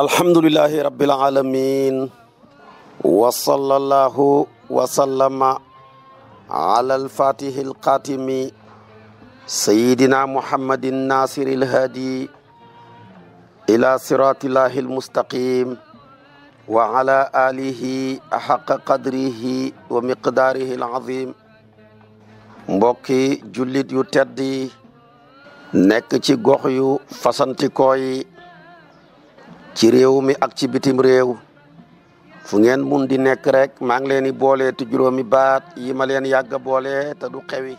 الحمد لله رب العالمين وصلى الله وسلم على الفاتح القاتم سيدنا محمد الناصر الهادي الى صراط الله المستقيم وعلى اله احق قدره ومقداره العظيم مبكي جليت يتدي نك سي غخيو فسانتيكو ci réew mi ak ci bitim réew fu ngeen mun di nekk rek maa ngi leen di boole te juróomi baat yi ma leen yàgg a te du xewi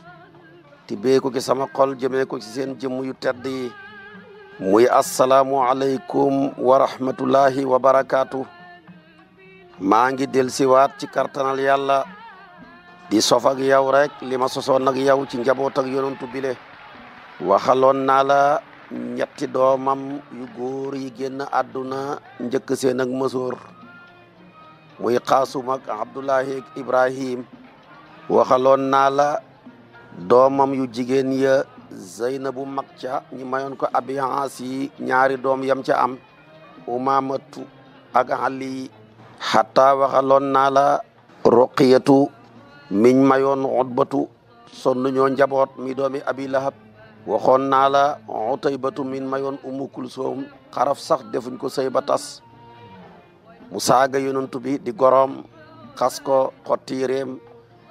ti beeku ki sama xol jëmee ko ci seen jëmm yu tedd yi muy asalaamu alaykum wa rahmatullahi wa barakaatu maa ngi del ci kartanal yàlla di sof ak yow rek li ma sosoon ak yow ci njaboot ak yonantu bile waxaloon naa la ñetti doomam yu góor yi génn àdduna njëkk seen ak mësoor muy xaasum ak abdullahi ak ibrahim waxaloon naa doomam yu jigéen ya zeynabu mag ca ñi mayoon ko abi yi ñaari doom yam ca am umamatu ak ali xataa waxaloon naa la ruqiyatu miñ mayoon utbatu sonn ñoo njaboot mi doomi abi lahab waxoon naa la Utaybatu min mayoon Ummu Kulsoom xaraf sax defuñ ko sëy ba tas mu saaga yonent bi di goroom xas ko xottiireem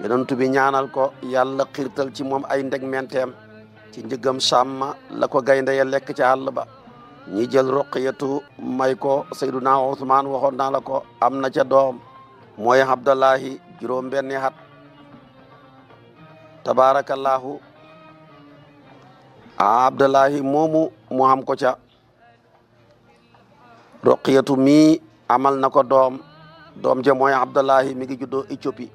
yonantu bi ñaanal ko yàlla xiirtal ci moom ay ndeg menteem ci njëgam sàmma la ko gaynde lekk ci àll ba ñi jël Ruqiyatu may ko Sayyiduna Usmaan waxoon naa la ko am na ca doom mooy Abdallahi juróom benni hat tabaarakallaahu a abdullahi moomu mu am ko ca roqiyatu mi amal na ko doom doom ja mooy abdullahi mi ngi juddoo Éthiopie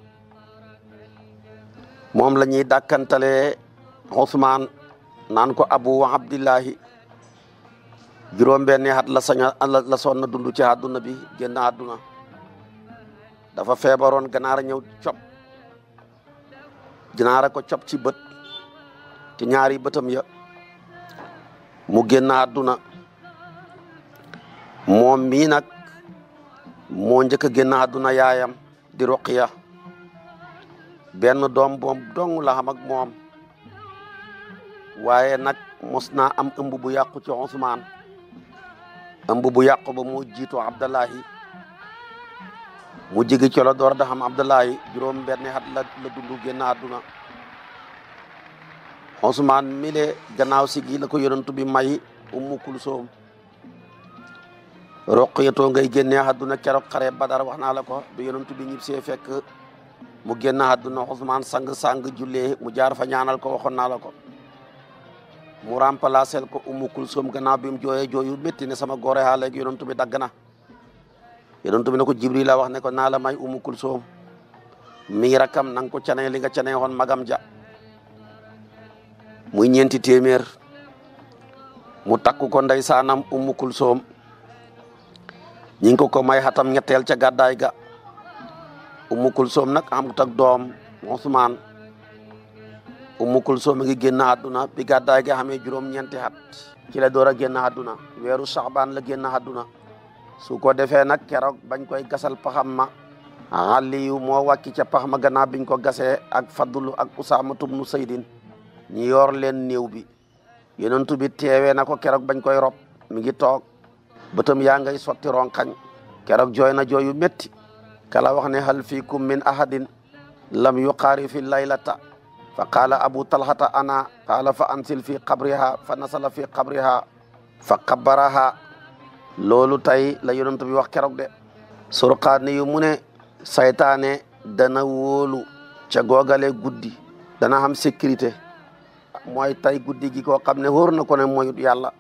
moom la ñuy dakkantale Ousmane naan ko abu abdillahi juróom-benni at la saña la na dund ci àdduna bi génn àdduna dafa feebaroon ganaar a ñëw cop ganaar ko cop ci bët ci ñaari bëtam ya mu génn àdduna moom mii nag moo njëkk a génn àdduna yaayam di Ruqiya benn doom boom dong la ak moom waaye nag mos naa am ëmb bu yàqu ci Ousmane ëmb bu yàqu ba mu jiitu Abdallahi mu jigi ci la door da xam juróom benn at la la dund génn Ousmane mile gannaaw si gi la ko yonantu bi may ummu kulsoom roqiyatoo ngay génne àdduna keroog xare badar wax naa la ko bi yonantu bi ñib see fekk mu génn àdduna Ousmane sang-sang jullee mu jaar fa ñaanal ko waxoon naa la ko mu remplacé ko ummu kulsoom gannaaw bi mu jooyee metti métti ne sama góore haa léegi yonantu bi dagg na yonantu bi ne ko Jibril la wax ne ko naa la may ummu kulsoom mii rakam na nga ko canee li nga canee magam ja muy ñeenti téeméer mu takku ko ndey saanam ummu kulsoom ñi ngi ko ko may xatam ñetteel ca gàddaay ga ummu kulsoom nag amut ak doom Usmaan ummu kulsoom a ngi génn àdduna bi gàddaay ga xamee juróom-ñeenti xat ci la door a génn àdduna weeru saxbaan la génn àdduna su ko defee nag keroog bañ koy gasal paxam ma Aliyu moo wàcc ca pax ma gannaaw biñ ko gasee ak Fadlu ak Usaamatu bnu Saydin ñi yor leen néew bi yonentu bi teewee na ko keroog bañ koy rob mi ngi toog bëtam yaa ngay sotti ronkañ keroog jooy na jooyu metti kala wax ne hal fiikum min ahadin lam yuqaari fi laylata fa qaala abu talhata ana qaala fa ansil fi qabriha fa nasala fi qabriha fa qabbaraha loolu tey la yonentu bi wax keroog de surqaani yu mu ne saytaane dana wóolu ca guddi dana am sécurité mooy tey guddi gi koo xam ne wóor na ko ne mooyut yàlla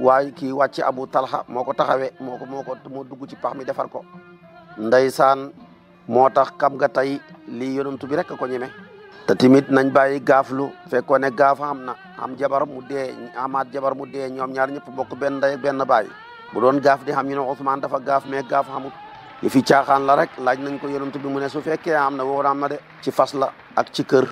waay kii wàcc abu talha moo ko taxawee moo ko moo ko moo dugg ci pax mi defar ko ndey saan moo tax kam nga tey lii yonantu bi rek a ko ñeme te tamit nañ bàyyi gaaflu fekkoon ne gaaf am na am jabar mu dee amaat jabar mu dee ñoom ñaar ñëpp bokk benn ndey ak benn baay bu doon gaaf de xam ñu ne Ousmane dafa gaaf mais gaaf xamut yi fi caaxaan la rek laaj nañ ko yonantu bi mu ne su fekkee am na wóor am na de ci fas la ak ci kër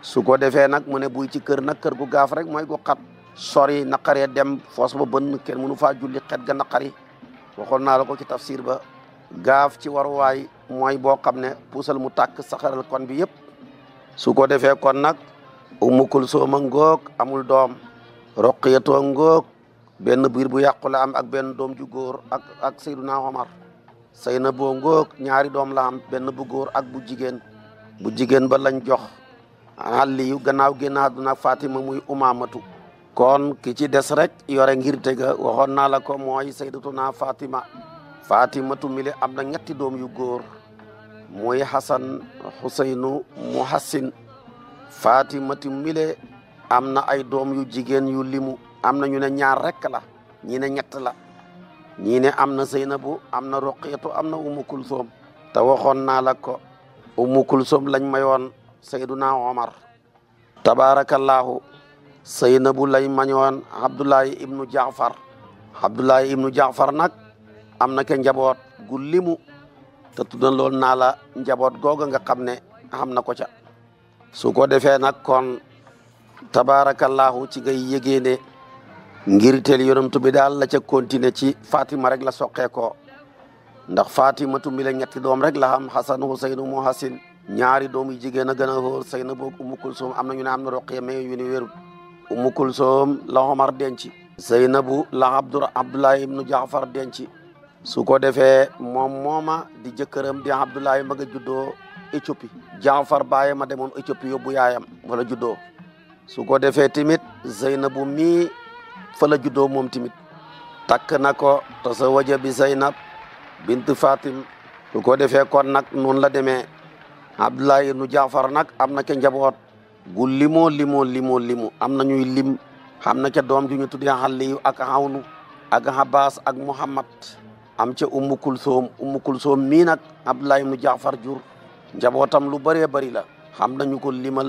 su ko defee nag mu ne buy ci kër nag kër gu gaaf rek mooy gu xat sori naqaree dem fos ba bënn kenn mënu faa julli xet ga naqari waxoon naa la ko ci tafsir ba gaaf ci waruwaay mooy boo xam ne puusal mu tàkk saxaral kon bi yépp su ko defee kon nag Umu ngoog amul dom, Roqiyatoo ngoog benn biir bu yàqu la am ak benn doom ju góor ak ak Seyduna Omar sayna boo ngoog ñaari doom la am benn bu góor ak bu jigéen bu jigéen ba lañ jox Ali yu gannaaw génn àdduna Fatima muy Umaamatu kon ki ci des rek yore ngir tega waxoon na la ko mooy sayyidatuna Fatima matu mile am na ñetti doom yu góor muy Hasan Huseynu Muhassin matu mile am na ay doom yu jigéen yu limu am na ñu ne ñaar rek ñi ne ñett la ñii ne am na bu am na Roqiyatu am na Umu Kulsoom te waxoon naa la ko Umu Kulsoom lañ mayoon sayduna omar tabaarakallaahu saynabu lay mañoon abdoulaye ibnu jaafar abdoulaye ibnu jaafar nag am na ke njaboot gu limu te tuddan loolu naa njaboot googa nga xam ne xam na ko ca su ko defee nag kon tabaarakallaahu ci ngay yëgee ne ngir teel yonamtu bi daal la ca continuer ci fatima rek la soqee ko ndax fatimatu mi la ñetti doom rek la xam xasan husayn mu hasin ñaari doom yu jigéen a gën a wóor say na boog Ummu Kulsoom am na ñu ne am na Roqiya mais yu ni wérut Ummu Kulsoom la Omar denc Zeynabu la Abdu Abdoulahi ibnu Jaafar denc su ko defee moom di jëkkëram di Abdoulahi ma nga juddoo Éthiopie Jaafar ma demoon Éthiopie yóbbu yaayam wala juddoo su ko defee tamit Zeynabu mii fa la juddoo moom tamit takk na ko tasawaja bi Zeynab bint Fatim su ko defee kon nag noonu la demee Abdullah ibnu Jaafar nag am na ca njaboot gu limo limoo limoo limu am na ñuy lim xam na ca doom ju ñu tuddee Aliyu ak Hawnu ak Abbas ak Muhammad am ca Ummu Kulsoom mii nag Abdullah ibnu Jaafar jur njabootam lu bëree bari la xam nañu ko limal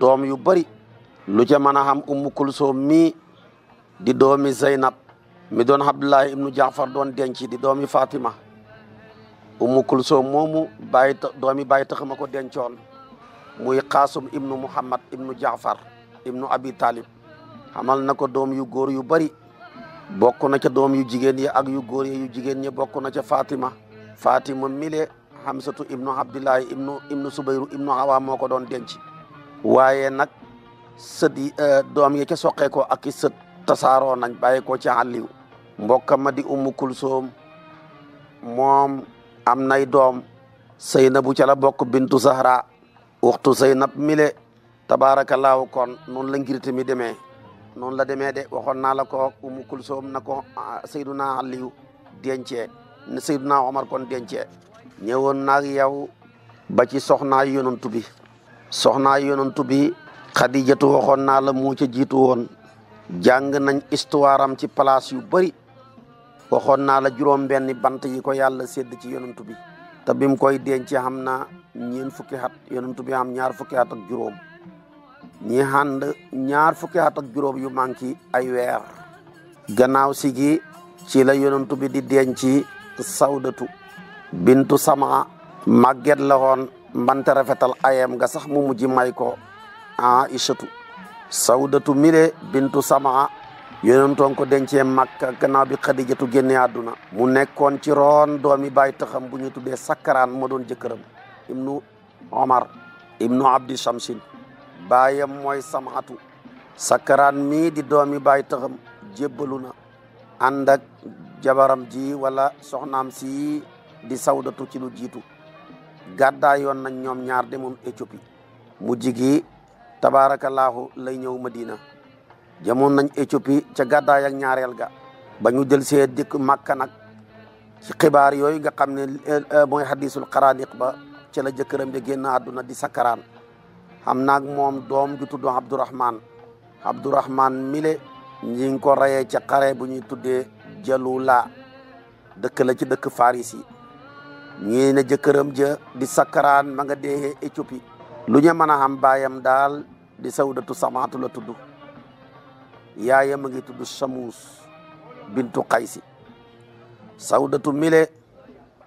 doom yu bari lu ca mën a xam Ummu Kulsoom mii di doomi Zeynab mi doon Abdullah ibnu Jaafar doon denci di doomi Fatima umu kulsum moomu bàyyi ta doomi bàyyi tax ma ko dencoon muy xaasum ibnu muhammad ibnu jaafar ibnu abi talib xamal na ko doom yu góor yu bari bokk na ca doom yu jigéen yi ak yu góor yu jigéen ñi bokk na ca fatima fatima mile hamsatu ibnu abdillahi ibnu ibnu subayru ibnu hawa moo ko doon denc waaye nag sët yi eh, doom yi ca soqee ko ak i sët tasaaroo nañ bàyyi ko ci àlliw mbokkam ma ummu kulsoom moom am nay doom Seynabu ca la bokk bintu Zahra waxtu Zeynab mile tabaarakallaahu kon noonu la ngir tamit demee noonu la demee de waxoon naa la ko Umu Kulsoom na ko Seyduna Aliyu dencee ne Seyduna Omar kon dencee ñëwoon naag yow ba ci soxnaa yonantu bi soxnaa yonantu bi Xadijatu waxoon naa la moo ca woon jàng nañ histoire ci place yu bëri waxoon naa la juróom-benni bant yi ko yàlla sédd ci yonent bi te bim koy denc xam na ñeen fukki at yonent bi am ñaar fukki at juróom ñi ànd ñaar fukki at juróom yu manqué ay weer gannaaw si ci la yonent bi di denc sawdatu bintu sama màgget la woon mbante rafetal ayam nga sax mu mujj may ko aishatu sawdatu mire bintu sama yonentoon ko dencee Makka gannaaw bi Xadijatu génne àdduna mu nekkoon ci roon doomi bàyyi taxam bu ñu tuddee Sakkaraan moo doon jëkkëram ibnu Omar ibnu Abdi Shamsin baayam mooy Samatu Sakkaraan mii di doomi bàyyi taxam jébbalu na ànd jabaram ji wala soxnaam si di sawdatu ci lu jiitu gàddaa yoon nañ ñoom ñaar demoon Éthiopie mu jigi tabaarakallaahu lay ñëw Madina jamon nañ Éthiopie ca gàddaay ak ñaareel ga ba ñu jël see dikk Makka nag ci xibaar yooyu nga xam ne eh, mooy hadisul xaraaniq ba ci la jëkkëram ja génn àdduna di xam naag moom doom ju tudd Abdourahman Abdourahman mile ñi ngi ko rayee ca xare bu ñuy tuddee Jalula dëkk la ci dëkk Faris yi ñii ne jëkkëram ja di sakkaraan ma nga deexee Éthiopie lu ñu mën a xam daal di sawdatu samaatu la tudd yaaya ma ngi tudd samous bintu Qaysi sawdatu mile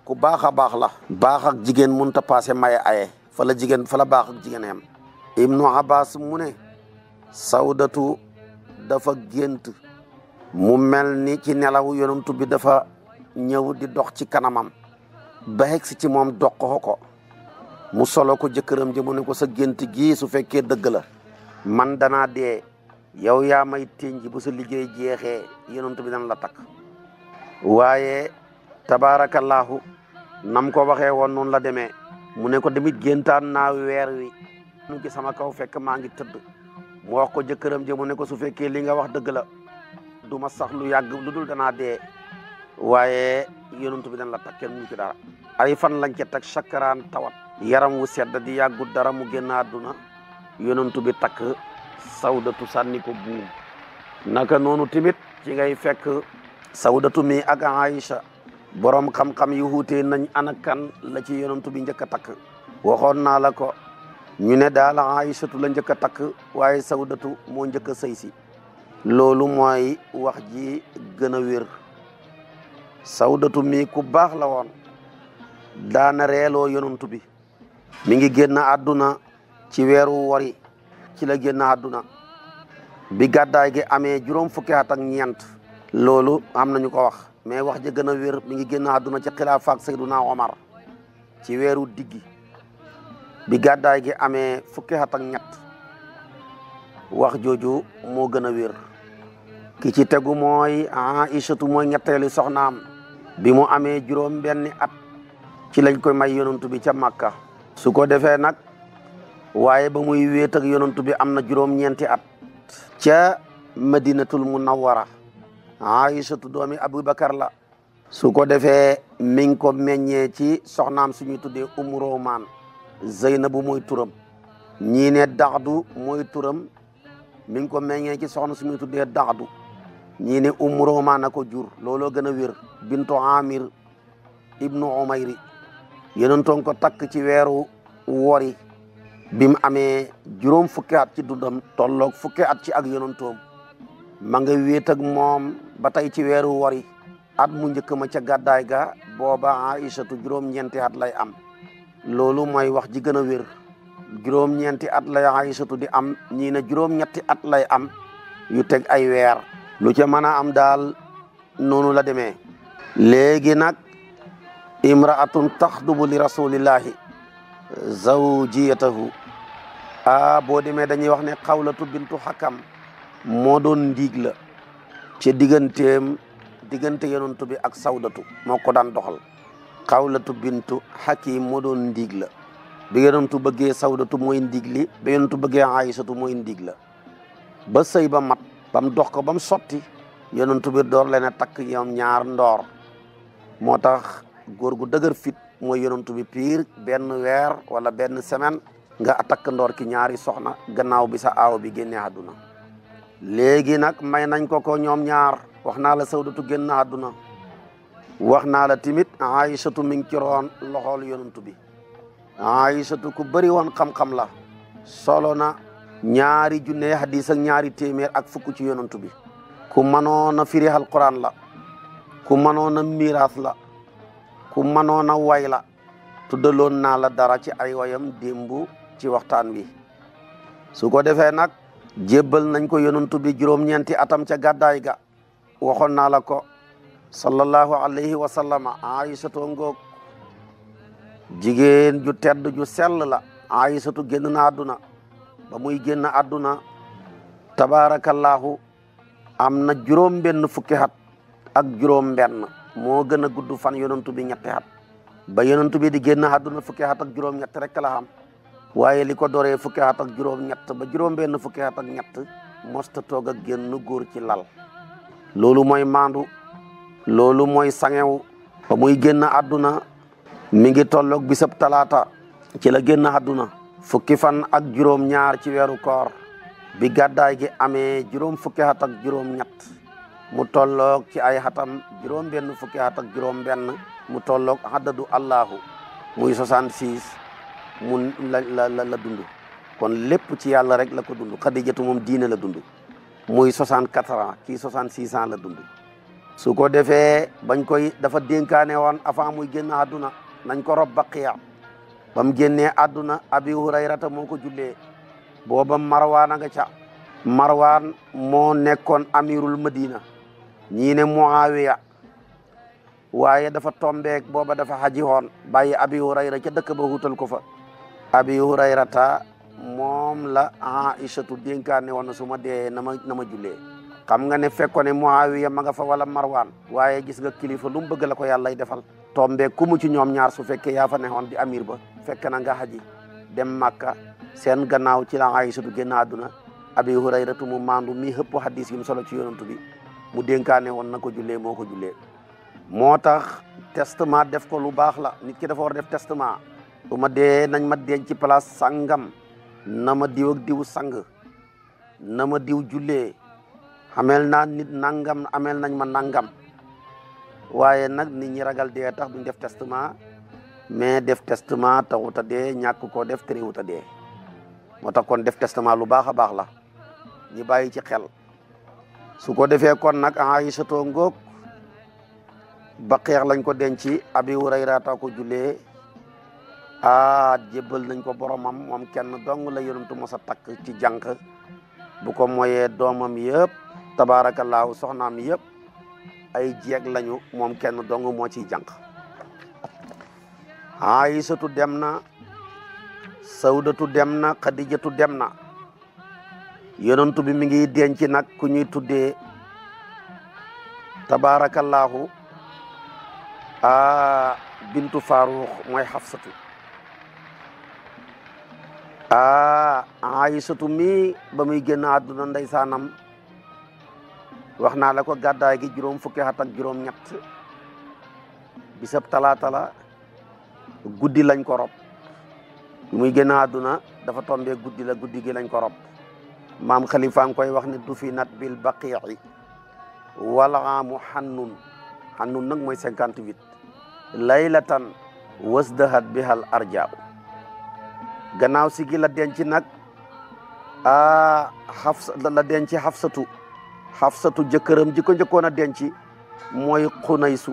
ku baax a baax la baax ak jigéen mun ta passé maye aye fa la jigéen fa la baax ak jigéen yam abbas mu ne dafa gént mu mel ni ci nelaw yonantu bi dafa ñëw di dox ci kanamam ba hex ci moom doq ko mu solo ko jëkkëram ji mu ne ko sa gént gii su fekkee dëgg la man danaa dee yow yaa may tënji bu sa liggéey jeexee yonent bi dañ la takk waaye tabaarakallaahu nam ko waxee woon noonu la demee mu ne ko tamit géntaan naa weer wi nu ci sama kaw fekk maa ngi tëdd mu wax ko jëkkëram ji mu ne ko su fekkee li nga wax dëgg la du ma sax lu yàgg lu dul danaa dee waaye yonent bi dañ la takk kenn mu ci dara ay fan lañ ca teg chakaraan tawat yaram wu sedd di yàggut dara mu génn àdduna yonent bi takk sawdatu sanni ko buum naka nonu timit ci ngay fekk sawdatu mi ak aisha borom xam-xam yu wuutee nañ ana kan la ci yonentu bi njëkk tak waxon na la ko ñu ne aisha tu la njëkk tak waye waaye sawdatu moo njëkk a wajji si lolu moy wax ji gëna wër wér sawdatu mi ku bax la daana yonentu bi mi ngi genn aduna ci wëru wari ci la génn àdduna bi gàddaay gi amee juróom fukki at ak ñeent loolu am nañu ko wax mais wax ja gën a wér mi ngi génn àdduna ci xilaafa ak Seyduna Omar ci weeru diggi bi gàddaay gi amee fukki at ñett wax jooju moo gën a wér ki ci tegu mooy Aïchatu mooy soxna soxnaam bi mu amee juróom benni at ci lañ koy may yonantu bi ca Makka su defee nag waaye ba muy wéet ak yonantu bi am na juróom-ñeenti at ca madinatul munawwara aïchatu doomi bakar la su ko defee mi meññee ci soxnaam suñuy tuddee umu romaan zeynabu mooy turam ñii ne daxdu mooy turam mi ngi ko meññee ci soxna suñuy tuddee daxdu ñii ne umu romaan a ko jur looloo gën a wér bintu amir ibnu umayri yonantoon takk ci weeru wori bi mu amee juróom fukki at ci dundam tolloog fukki at ci ak yonantoom ma nga wéet ak moom ba tey ci weeru wari at mu njëkk ma ca gàddaay ga booba isatu juróom-ñeenti at lay am loolu mooy wax ji gën a juróom-ñeenti at lay di am ñii ne juróom at lay am yu teg ay weer lu ca mën a am daal noonu la demee léegi nag imraatun taxdubu li rasulillahi zawjiyatahu a boo demee dañuy wax ne xawlatu bintu xakam moo doon ndiig la ci digganteem diggante yonantu bi ak sawdatu moo ko daan doxal xawlatu bintu xakim moo doon ndiig la bi yonantu bëggee sawdatu mooy ndiig li bi yonantu bëggee aysatu mooy ndiig la ba sëy ba mat bam dox ko bam sotti yonantu bi door leen takk ñoom ñaar ndoor moo tax góor gu dëgër fit mooy yonantu bi piir benn weer wala benn semaine nga takk ndoor ki ñaari soxna gannaaw bi sa aaw bi génne àdduna léegi nag may nañ ko ko ñoom ñaar wax naa la sawdatu génn àdduna wax naa la tamit aïchatu satu ngi ci roon loxool yonantu bi aïchatu ku bari woon xam la solo na ñaari junne hadis ak ñaari téeméer ak fukk ci yonantu bi ku mënoon a firi alquran la ku mënoon miraas la ku mënoon a way la tuddaloon naa la dara ci ay wayam démbu ci waxtaan wi su ko defee nag jébbal nañ ko yonantu bi juróom-ñeenti atam ca gàddaay ga waxoon naa la ko sallallahu alayhi wa sallama aïsatu ngoog jigéen ju tedd ju sell la aïsatu génn na àdduna ba muy génn àdduna tabaarakallaahu am na juróom benn fukki at ak juróom benn moo gën a gudd fan yonantu bi ñetti at ba yonantu bi di génn àdduna fukki at ak juróom ñetti rek la xam waaye li ko doree fukki at ak juróom-ñett ba juróom-benn fukki at ñett mosta toog ak génn góor ci lal loolu mooy maandu loolu mooy sangew ba muy génn àdduna mi ngi tolloog bisab talaata ci la génn àdduna fukki fan ak juróom-ñaar ci weeru koor bi gàddaay gi amee juróom fukki at ak ñett mu tolloog ci ay xatam juróom benn fukki at ak juróom mu tolloog haddadu allahu muy 66 mu la la la dund kon lépp ci yàlla rek la ko dund xadijatu moom diine la dund muy soixante quatre ans kii soixante six ans la dund su ko defee bañ koy dafa dénkaane woon avant muy génn àdduna nañ ko rob baqiya ba mu génnee àdduna abi hurayrata moo ko jullee booba marwaan a nga ca marwaan moo nekkoon amirul madina ñii ne muawiya waaye dafa tombeek booba dafa xaji hoon bàyyi abi hurayra ca dëkk ba huutal ko fa abi hurayrata moom la aishatu dénkaane woon na su ma dee na ma na ma jullee xam nga ne fekkoon ne muawiya ma nga fa wala marwaan waaye gis nga kilifa lu mu bëgg la ko lay defal tombe ku mu ci ñoom ñaar su fekkee yaa fa neexoon di amir ba fekk na nga xaji dem màkka seen gannaaw ci la aishatu génn àdduna abi hurayratu mu maandu mi xëpp hadis yi mu solo ci yonantu bi mu dénkaane woon ko jullee moo ko jullee moo tax testament def ko lu baax la nit ki dafa def testament bu ma dee nañ ma denc ci place sangam na ma diw ak diw sang na ma diw jullee xamel naa nit nangam amel nañ ma nangam waaye nag nit ñi ragal dee tax duñ def testament mais def testament taxut a dee ñàkk koo def terewut a dee moo tax kon def testament lu baax a baax la ñi bàyyi ci xel su ko defee kon nag Aïsatu ngoog ba lañ ko denc Abi Hurayra taa ko jullee ah jébbal nañ ko boromam moom kenn dong la yonentu mos a takk ci jànq bu ko mooyee doomam yëpp tabaarakallaahu soxnaam yëpp ay jeeg lañu moom kenn dong moo ciy jànq aysatu dem na sawdatu dem na xadijatu dem na yonentu bi mi ngi denc nag ku ñuy tuddee tabaarakallaahu a ah, bintu faaruux mooy xafsatu ah Aysatu mi ba muy génn àdduna ndeysaanam wax naa la ko gàddaay gi juróom fukki at juróom ñett bisab talaata la guddi lañ ko rob muy génn àdduna dafa tombee guddi la guddi gi lañ ko rob maam xalifa ngi koy wax ne du fi nat bil baqiici walaamu xannun xannun nag mooy cinquante huit laylatan wasdahat bihal arjaabu gannaaw si gi la denc nag a ah, xafsa la denc xafsatu xafsatu jëkkëram ji ko njëkkoon a denc mooy xunaysu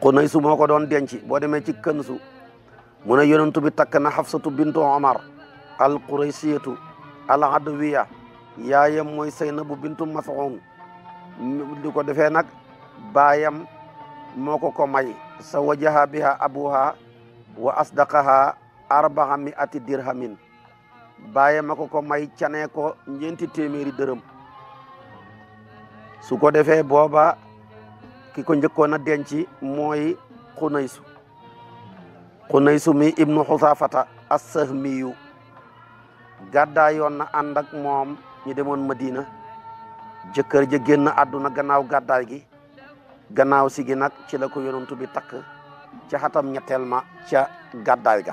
xunaysu moo ko doon denc boo demee ci kënsu mu ne yonentu bi takk na xafsatu bintu omar al quraysiyatu al adawiya yaayam mooy saynabu bintu mas'un di ko defee nag baayam moo ko ko may sa wajaha biha abuha wa asdaqaha arbaa mi ati dirhamin bàyye ma ko ko may canee ko ñeenti téeméeri dërëm su ko defee booba ki ko njëkkoon a denc mooy xunaysu xunaysu mi ibnu xusafata assahmiyu gàddaa yoon na ànd moom ñu demoon madina jëkkër ja na àdduna gannaaw gàddaay gi gannaaw si gi nag ci la ko yonantu bi takk ca xatam ñetteel ma ca gàddaay ga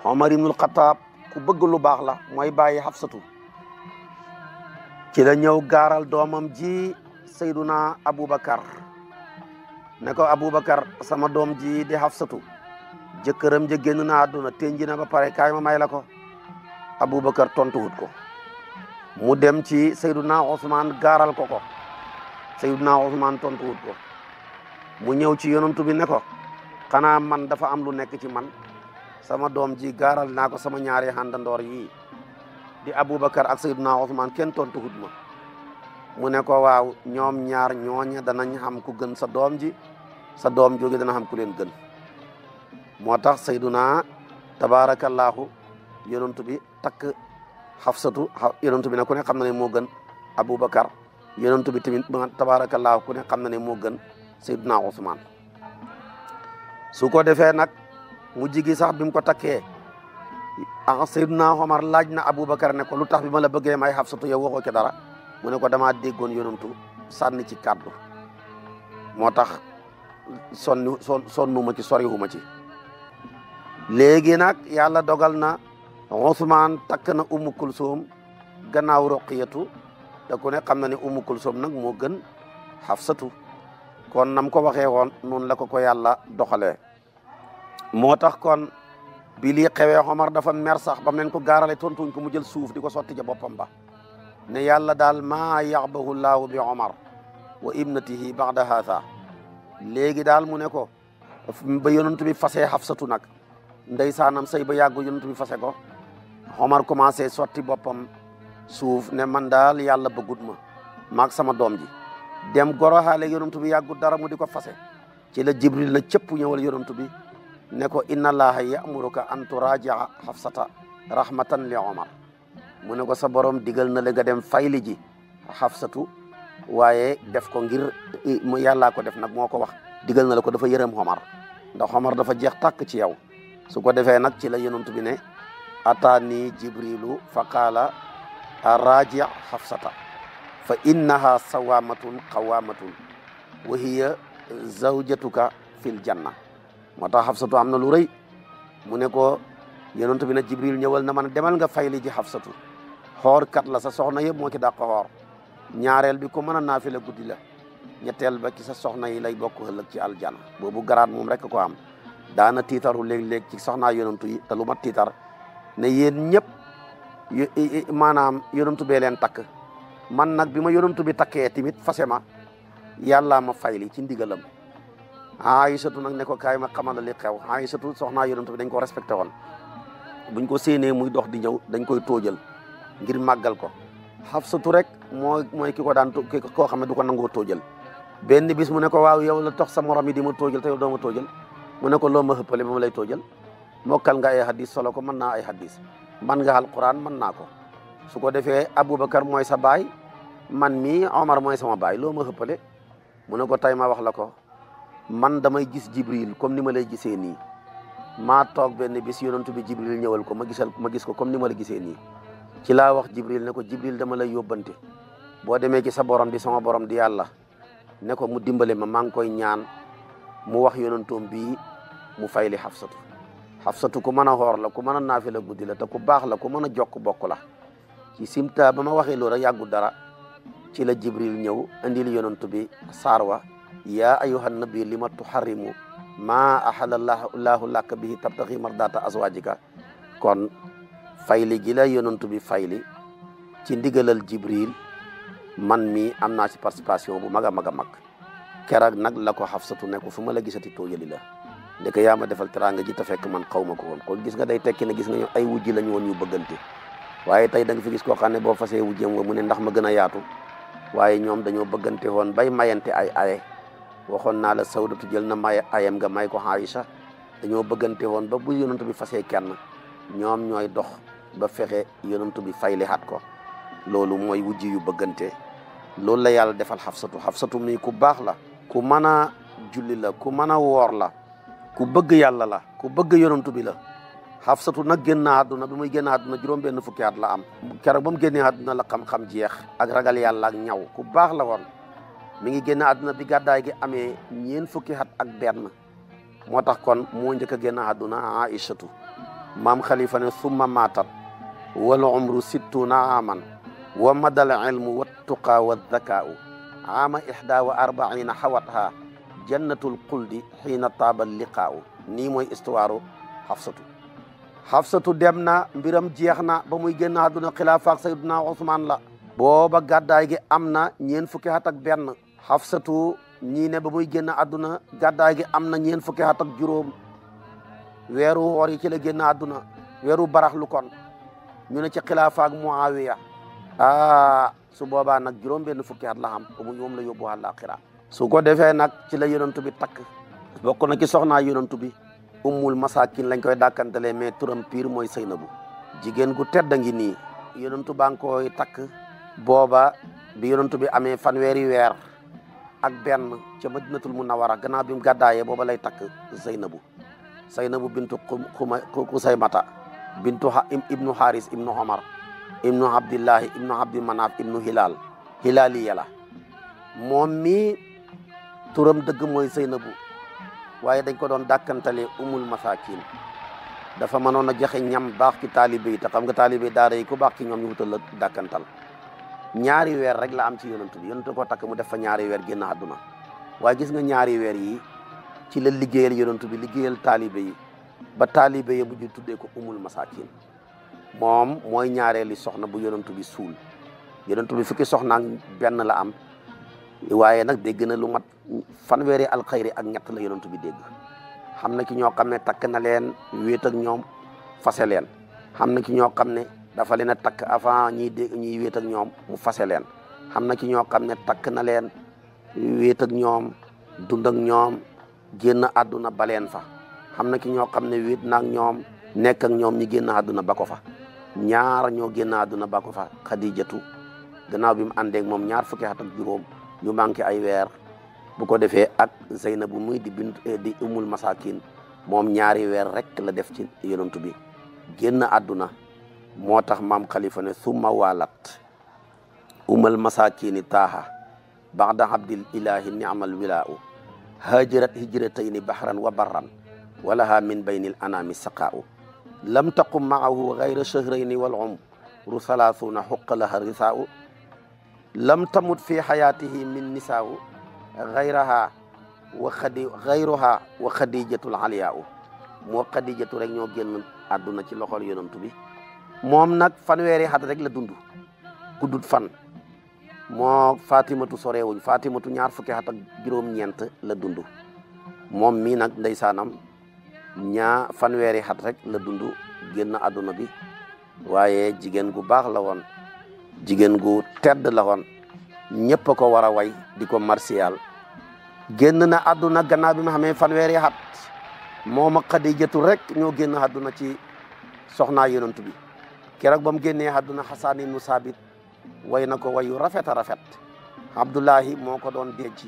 Omar ibnul Xataab ku bëgg lu baax la mooy bàyyi Xafsatu ci la ñëw gaaral doomam ji Seyduna Aboubacar ne ko Aboubacar sama doom ji di Xafsatu jëkkëram ja génn na àdduna tenji na ba pare kaay ma may la ko Aboubacar tontuwut ko mu dem ci Seyduna Ousmane gaaral ko ko Seyduna Ousmane tontuwut ko mu ñëw ci yonantu bi ne ko xanaa man dafa am lu nekk ci man sama doom ji gaaral naa ko sama ñaari xàndandoor yi di Aboubacar ak Seydina Ousmane kenn tontu hut ma mu ne ko waaw ñoom ñaar ñooña danañ xam ku gën sa doom ji sa doom jooju dana xam ku leen gën moo tax Seydina tabaarakallaahu yonent bi takk Xafsatu yonent bi nag ku ne xam na ne moo gën Aboubacar yonent bi tamit tabaarakallaahu ku ne xam na ne moo gën Seydina Ousmane su ko defee nag. mu gi sax bi mu ko takkee ah Seydina Omar laaj na Aboubacar ne ko lu tax bi ma la bëggee may Hafsatu yow waxoo ci dara mu ne ko damaa déggoon yonantu sànni ci kàddu moo tax sonni son sonnuma ci soriwuma ci léegi nag yàlla dogal na Ousmane takk na Umu Kulsum gannaaw Roqiyatu te ku ne xam na ne Umu Kulsum nag moo gën Hafsatu kon nam ko waxee woon noonu la ko ko yàlla doxalee moo tax kon bi lii xewee Omar dafa mer sax bam leen ko gaarale tontuñ ko mu jël suuf di ko sotti ca boppam ba ne yàlla daal maa yaxbahu llaahu bi Omar wa ibnatihi ba'da haatha léegi daal mu ne ko ba yonent bi fasee Hafsatu nag ndeysaanam sëy ba yàggu yonent bi fase ko Omar commencé sotti boppam suuf ne man daal yàlla bëggut ma maag sama doom ji dem goroxaale yonent bi yàggu dara mu di ko fase ci la Jibril na cëpp ñëwal yonent bi ne ko inna allaha ya'muruka an turaji'a hafsata rahmatan li umar mu ne ko sa borom digal na la ga dem fayli ji hafsatu waaye def ko ngir mu yalla ko def nak moko wax digal na la ko dafa yërëm umar ndax umar dafa jeex tak ci yaw su ko defé nak ci la yonent bi ne atani jibrilu fa qaala hafsata fa innaha sawamatun qawamatun wa hiya zawjatuka fil jannah. Mata hafsatu amna lu rëy mu ne ko yonent bi na jibril ñewal na man demal nga fayli ji hafsatu xoor kat la sa soxna yeb mo ci dakk xoor ñaarel bi ko meuna nafila guddi la ñettel ba ci sa soxna yi lay bokk ci aljana bobu garat moom rek ko am daana titaru leg leg ci soxna yonent yi te lu mat titar ne yeen ñep manam yonent be len tak man nak bima ma bi takke timit fasema yalla ma fayli ci ndigalam Aysatu nag ne ko kaay ma xamal la li xew Aysatu soxnaa yonent bi dañ ko respecté woon buñ ko séenee muy dox di ñëw dañ koy tóojal ngir màggal ko Xafsatu rek moo mooy ki ko daan ki koo xam ne du ko nangoo tóojal benn bis mu ne ko waaw yow la tox sa morom yi di ma tóojal te doo ma tóojal mu ne ko loo ma xëppale ba ma lay moo mokkal nga ay hadis solo ko mën naa ay hadis man nga alquran mën naa ko su ko defee Aboubacar mooy sa baay man mii Omar mooy sama baay loo ma xëppale mu ne ko tay ma wax la ko man damay gis jibril comme ni ma lay gisee nii ma toog benn bis yonantu bi jibril ñëwal ko ma gisal ma gis ko comme ni ma la gisee nii ci laa wax jibril ne ko jibril dama lay yóbbante boo demee ci sa borom di sama borom di yàlla ne ko mu dimbale ma maa ngi koy ñaan mu wax yonantoom bii mu fayli li xafsatu xafsatu ku mën a xoor la ku mën a naafi la guddi ku baax la ku mën jokk bokk la ci simta ba ma waxee yàggu dara ci la jibril ñëw andil yonantu bi saar ya ayuhan nabi lima tuharimu ma ahalallahu lak bihi tabtaghi mardata azwajika kon fayli gi la yonantu bi fayli ci ndigalal jibril man mi amna ci participation bu maga maga mag a nak lako hafsatu neko fuma la gisati la ma defal teranga ji ta fek man ko kon gis nga day tekki na gis nga ñu ay wujji lañu won yu bëggante waye tay da nga fi gis ko xam bo fasé wujjem wujjeem mu ne ndax ma gëna yaatu waye ñom dañoo bëggante bay mayante ay ay waxoon naa la sawdatu jël na may ayam nga may ko Aïcha dañoo bëggante woon ba bu yonantu bi fasee kenn ñoom ñooy dox ba fexe yonantu bi fay lihaat ko loolu mooy wujji yu bëggante loolu la yàlla defal xafsatu xafsatu mi ku baax la ku mën a julli la ku mën a woor la ku bëgg yàlla la ku bëgg yonantu bi la xafsatu nag génn àdduna bi muy génn àdduna juróom benn fukki at la am keroog ba mu génnee àdduna la xam jeex ak ragal yàlla ak ñaw ku baax la woon mi ngi génn àdduna bi gàddaay gi amee ñeen fukki at ak benn moo tax kon moo njëkk a génn àdduna aïchatu maam xalifa ne summa maatat wal umru sittuna aman wa madal ilmu wa tuqa wa zakaau ama ihda wa arbaina xawatha jannatul xuldi xiina taaba liqaau nii mooy istuwaaru xafsatu xafsatu dem na mbiram jeex na ba muy génn àdduna xilaafaak sayduna Usmaan la booba gàddaay gi am na ñeen fukki at ak benn xafsatu ñii ne ba muy génn àdduna gàddaay gi am na ñeen fukki at ak juróom weeru woor ci la génn àdduna weeru barax lu kon ñu ne ci xilaafaak muawiya ah su boobaa nag juróom benn fukki at la am amu moom la yóbbu àllaaxira su ko defee nag ci la yonentu bi takk bokk na ci soxnaa yonentu bi ummul masakin lañ koy dàkkantelee mais turam piir mooy Seynabu jigéen gu tedd a ngi nii yonentu baa takk booba bi yonentu bi amee fanweeri weer ak benn ca madinatul munawara gannaaw bi mu gàddaayee booba lay takk zeynabu zeynabu bintu xuma xusaymata bintu ibnu haris ibnu omar ibnu abdillahi ibnu abdi manaaf ibnu hilal hilaaliya la moom mi turam dëgg mooy zeynabu waaye dañ ko doon dàkkantale umul masakin dafa mënoon a joxe ñam baax ci taalibe yi te xam nga taalibe daara yi ku baax ci ñoom ñu wutal la dàkkantal ñaari weer rek la am ci yonantu bi yonantu ko takk mu def fa ñaari weer génn àdduna waaye gis nga ñaari weer yi ci la liggéeyal yonantu bi liggéeyal taalibe yi ba taalibe yi bu tuddee ko umul masakin moom mooy ñaareeli soxna bu yonantu bi suul yonantu bi fukki soxnaak benn la am waaye nag dégg na lu mat fanweeri alxayri ak ñett la yonantu bi dégg xam na ki ñoo xam ne takk na leen wéet ak ñoom fase leen xam na ki ñoo xam ne dafa leen a takk avant ñiy dégg ñiy wéet ak ñoom mu fase leen xam na ci ñoo xam ne takk na leen wéet ak ñoom dund ak ñoom génn àdduna ba leen fa xam na ci ñoo xam ne wéet na ñoom nekk ñoom ñi génn àdduna ba fa ñaar ñoo génn àdduna ba ko fa xadijatu gannaaw bi mu àndeeg moom ñaar fukki at ak juróom ñu manqué ay weer bu ko defee ak bu muy di bint eh, di umul masakin moom ñaari weer rek la def ci yonent bi génn àdduna موتاخ مام خليفة ثم والت أم المساكين تاها بعد عبد الإله النعم الولاء هاجرت هجرتين بحرا وبرا ولها من بين الأنام سقاء لم تقم معه غير شهرين والعمر ثلاثون حق لها الرثاء لم تمت في حياته من نساء غيرها وخدي غيرها وخديجة العلياء مو خديجة رنيو جن أدونا تي لخول يونتو بي moom nak fanweeri at rek la dund gudut fan mo fatimatu sorewuñ fatimatu ñaar fukki at ak juróom-ñeent la dund moom mii nag ndeysaanam ñaa fanweeri hat rek la dund genn aduna bi waaye jigen gu bax la won jigen gu tedd la won ñepp ko wara way di martial genn na aduna gannaaw bi ma xamee fanweeri at moom ak Xadijatu rek ñoo genn aduna ci soxna bi keroog ba mu génnee àdduna xasaani nu saabit way na ko wayu rafet a rafet abdoulahi moo ko doon denc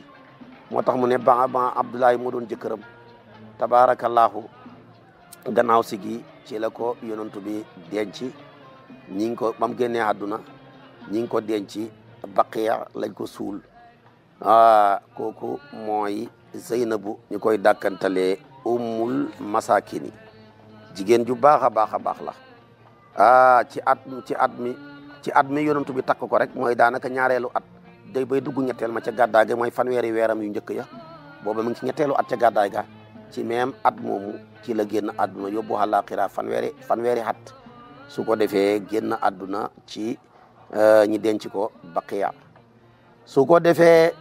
moo tax mu ne ba ba abdoulahi moo doon jëkkëram tabaarakallaahu gannaaw si gi ci la ko yonantu bi denc ñi ngi ko ba mu génnee àdduna ñi ngi ko denc baqiya lañ ko suul ah kooku mooy zeynabu ñu koy dàkkantalee ummul masakini jigéen ju baax a baax a baax la ci ah, at ci at mi ci at mi yonentu bi takk ko rek mooy daanaka ñaareelu at day bay dugg ñetteel ma ca gàddaay ga mooy fanweeri weeram yu njëkk ya booba mu ngi ci ñetteelu at ca gàddaay ga ci même at moomu ci la génn àdduna yóbbu àllaaxira fanweeri fanweeri at su ko defee génn adduna ci eh, ñi denc ko baqiya su ko defee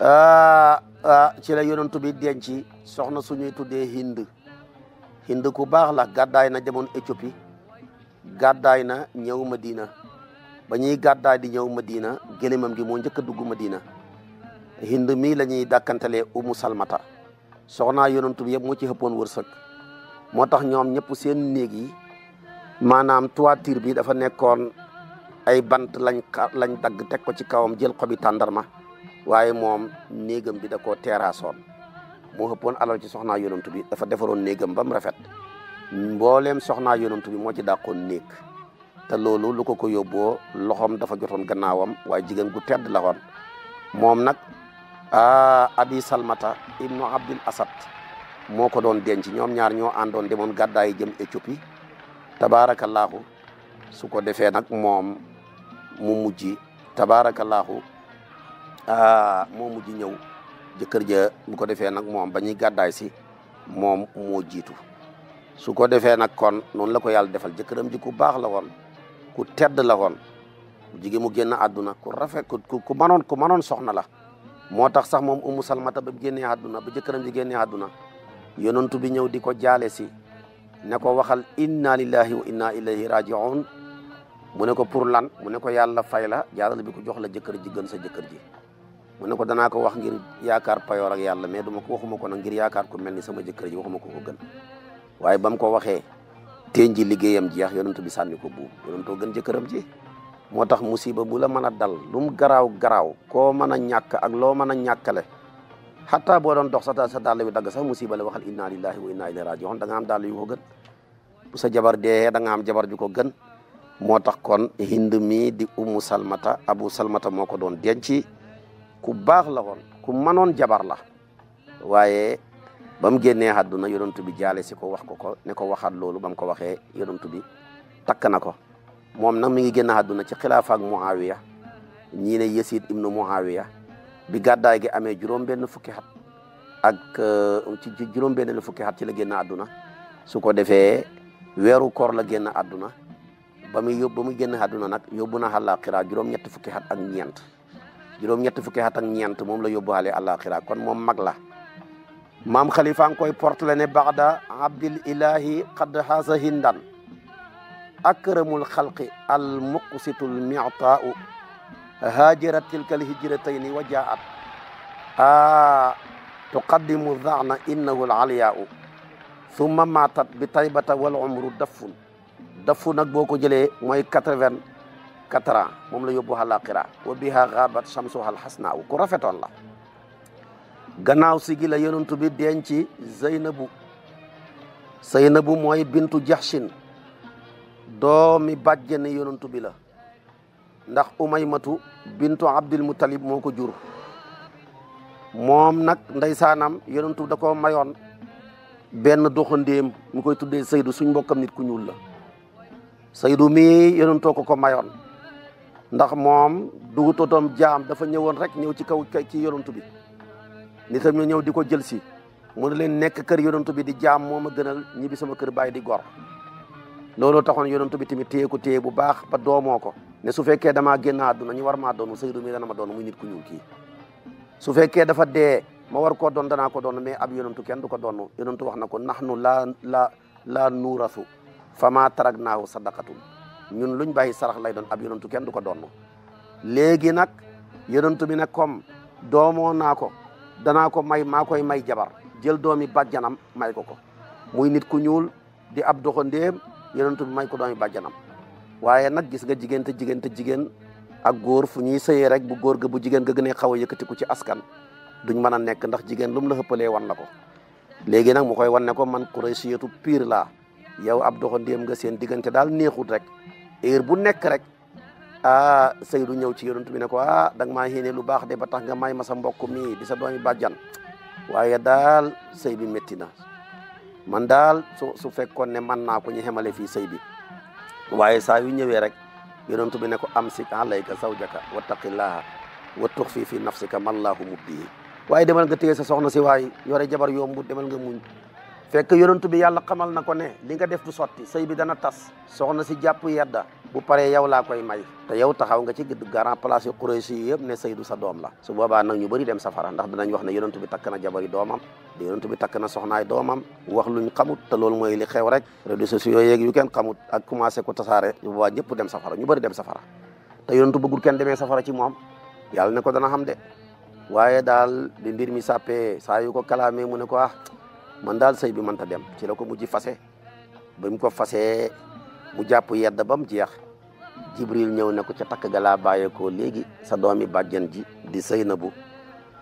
eh, eh, ci la yonentu bi denc soxna suñuy tuddee hind hind ku baax la gàddaay na demoon Éthiopie gàddaay na ñëw Madina ba ñuy gàddaay di ñëw diina gélémam gi moo njëkk a dugg Madina hind mii la ñuy dàkkantalee umu salmata soxnaa yonantu bi yëpp moo ci xëppoon wërsëg moo tax ñoom ñëpp seen néeg yi maanaam toiture bi dafa nekkoon ay bant lañ lañ dagg teg ko ci kawam jël kobi tàndarma waaye moom néegam bi da koo teeraasoon moo xëppoon alal ci soxnaa yonantu bi dafa defaroon néegam ba mu rafet mbollem soxna yonentou bi mo ci dakon nek te lolu lu ko ko yobbo loxom dafa jotoon gannaawam way jigen gu tedd la mom nak a abi salmata ibnu abdul asad moko don doon denc ñoom ñaar ño andon demon gàddaayi jëm etiopie tabarakallah su ko mom, nak mom mu tabarakallah a mo mujji ñew jëkkër ja bu ko defé nak mom si mom moo su ko defee nag kon noonu la ko yàlla defal jëkkëram ji ku baax la woon ku tedd la woon jigéen mu génn àdduna ku rafet ku ku manoon ku manoon soxna la moo tax sax moom umu salmata ba génnee àdduna ba jëkkëram ji génnee àdduna yonantu bi ñëw di ko jaale si ne ko waxal inna lillahi wa inna ilayhi rajiun mu ne ko pour lan mu ne ko yàlla fay la jaaral bi ko jox la jëkkër ji gën sa jëkkër ji mu ne ko danaa ko wax ngir yaakaar payoor ak yàlla mais duma ko waxuma ko nag ngir yaakaar ku mel ni sama jëkkër ji waxuma ko ko gën waaye ba mu ko yang jiah, ji untuk jeex yonentu bi sànni ko buub yonentoo gën jëkkëram ji musiba bu la dal lum garau garau, ko mana mën a ñàkk ak loo mën a ñàkkale xataa boo doon dox sa sa dàll bi dagg sax musiba la waxal inna lillahi wa inna rajiun da nga am yu ko gën bu sa jabar de da nga am jabar ju ko gën kon hind mi di ummu salmata abu salmata moo ko don, denc ku baax la ku manon jabar la waaye ba mu génnee àdduna yonent bi jaale si ko wax ko ko ne ko waxaat loolu ba mu ko waxee yonent bi takk na ko moom nag mi ngi génn àdduna ci xilaafa ak Muawiya ñii ne Yasid ibnu Muawiya bi gàddaay gi amee juróom-benn fukki at ak euh, ci juróom-benn fukki at ci la génn àdduna su ko defee weeru koor la génn àdduna ba muy yóbbu ba muy génn àdduna nag yóbbu na àllaaxira juróom-ñetti fukki at ak ñeent juróom-ñetti fukki at ak ñeent moom la yóbbuwaale àllaaxira kon moom mag la. مام خليفة كوي بورت لني بغدا عبد الإله قد حاز هندا أكرم الخلق المقسط المعطاء هاجرت تلك الهجرتين وجاءت آه تقدم الظعن إنه العلياء ثم ماتت بطيبة والعمر دفن دفن أكبوكو جلي موي كترفن كترا مملي يبوها الآخرة وبها غابت شمسها الحسناء كرفت الله gannaaw si gi la yonent bi denc Zeynabu Zeynabu mooy bintu Jaxsin doomi bàjjeni yonent bi la ndax Umaymatu bintu Abdul Muttalib moo ko jur moom nag ndeysaanam yonent da ko mayoon benn doxandéem mu koy tuddee Seydou suñ mbokkam nit ku ñuul la Seydou mii yonentoo ko ko mayoon ndax moom dugutotom jaam dafa ñëwoon rek ñëw ci kaw ci yonent bi nitam ñu ñëw di ko jël si mu ne leen nekk kër yonantu bi di jaam moo ma gënal ñibbi sama kër bàyyi di gor looloo taxoon yonantu bi tamit téye ko téye bu baax ba doomoo ko ne su fekkee damaa génn àdduna ñu war maa doon Seydou mi dana ma doon muy nit ku ñuul ki su fekkee dafa dee ma war koo doon danaa ko doon mais ab yonantu kenn du ko doon yonantu wax na ko nax nu laa la laa nuurasu fama tarag naaw sadaqatun ñun luñ bàyyi sarax lay doon ab yonantu kenn du ko doon léegi nag yonantu bi nag comme doomoo naa ko danaa ko may maa koy may jabar jël doomi bàjjanam may ko ko muy nit ku ñuul di ab doxandéem yonentu bi may ko doomi bàjjanam waaye nag gis nga jigéen te jigéen te jigéen ak góor fu ñuy seyee rek bu góor ga bu jigéen ga gënee xaw a yëkkatiku ci askan duñ mën a nekk ndax jigéen lu la xëppalee wan la ko léegi nag mu koy wan ne ko man Quraysiyatu pire laa yow ab doxandéem nga seen diggante daal neexut rek heure bu nekk rek ah Seydou ñëw ci yonent bi ne ko ah da nga maa baax de ba tax nga may ma sa mbokk mii di sa doomi bàjjan waaye daal sëy bi métti na man daal su su fekkoon ne man naa ko ñu xemale fii sëy bi waaye saa yu ñëwee rek yonent bi ne ko amsik alayka zawjaka wattaqillaha wa tuxfi fi nafsika ma llaahu mubdihi waaye demal nga téye sa soxna si waaye yore jabar yombu demal nga muñ fekk yonent bi yàlla xamal na ko ne li nga def du sotti sëy bi dana tas soxna si jàpp yedda bu paree yow laa koy may te yow taxaw nga ci grand place yu Quraysh yi ne sëy du sa doom la su boobaa nag ñu bi takk na jabari doomam te yonent bi takk na soxnaay doomam wax luñ xamut te loolu mooy li xew rek réseaux sociaux yeeg yu kenn xamut ak commencé ko tasaare bu boobaa ñëpp dem safara ñu bëri dem safara te yonent bëggul kenn demee safara ci moom yàlla ne ko dana xam de waaye man daal sëy bi mënta dem ci la ko mujj fase ba mu ko fasee mu jàpp yedd ba mu jeex jibril ñëw ne ko ca takk ga laa bàyyeekoo léegi sa doomi bàjjen ji di sëy na bu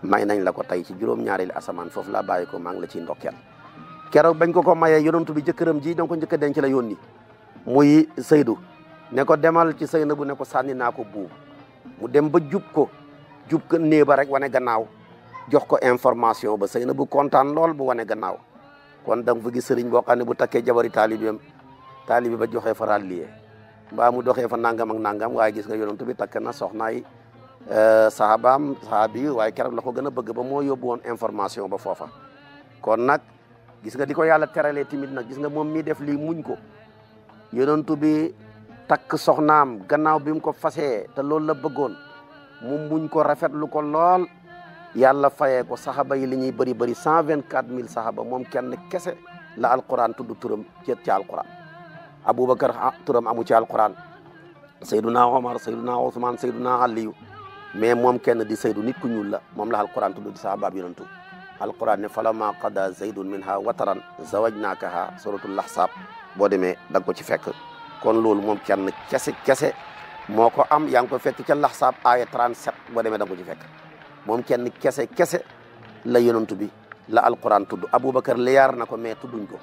may nañ la ko tey ci juróom-ñaareelu asamaan foofu laa bàyyeekoo maa ngi la ci ndokkeel keroog bañ ko ko mayee yonantu bi jëkkëram ji donc njëkk a denc la yónni muy sëydu ne ko demal ci sëy na bu ne ko sànni naa ko buubu mu dem ba jub ko jub ko néeba rek wane gannaaw jox ko information ba sëy na bu kontaan lool bu wane gannaaw kon dang nga fa gis sëriñ boo xam ne bu takkee jabari taalibeem taalibe ba joxe fa ràlliyee ya, ba mu doxee fa nangam ak nangam way gis nga yonentou bi takke na soxna euh, yi sahabi sahabam sahabi way kerek lako gëna bëgg ba mo yobbu won information ba fofa kon nak gis nga diko yalla yàlla timit nak gis nga mom mi def li muñ ko yonentou bi tak soxnam gannaaw bi mu ko fasee te loolu la bëggoon mu muñ ko lu ko lool yàlla fayee ko saxaba yi li ñuy bëri bëri cent vingt quatre mille saxaba moom kenn kese la alquran tudd turam ceet ci alquran aboubacar ah, turam amu ci alquran sayduna omar sayduna ousman sayduna aliyu mais moom kenn di saydu nit ku ñuul la moom la alquran tudd di sahabaab yonentu alquran ne falama qada zaydun minha wataran zawajnakaha suratul lahsab boo demee da nga ko ci fekk kon loolu moom kenn kese kese moo ko am yaa ngi ko fekk ca lahsab aaya 37 boo demee da nga ko ci fekk moom kenn kese kese la yonantu bi la alquran tudd aboubacar liyaar na ko mais tudduñ ko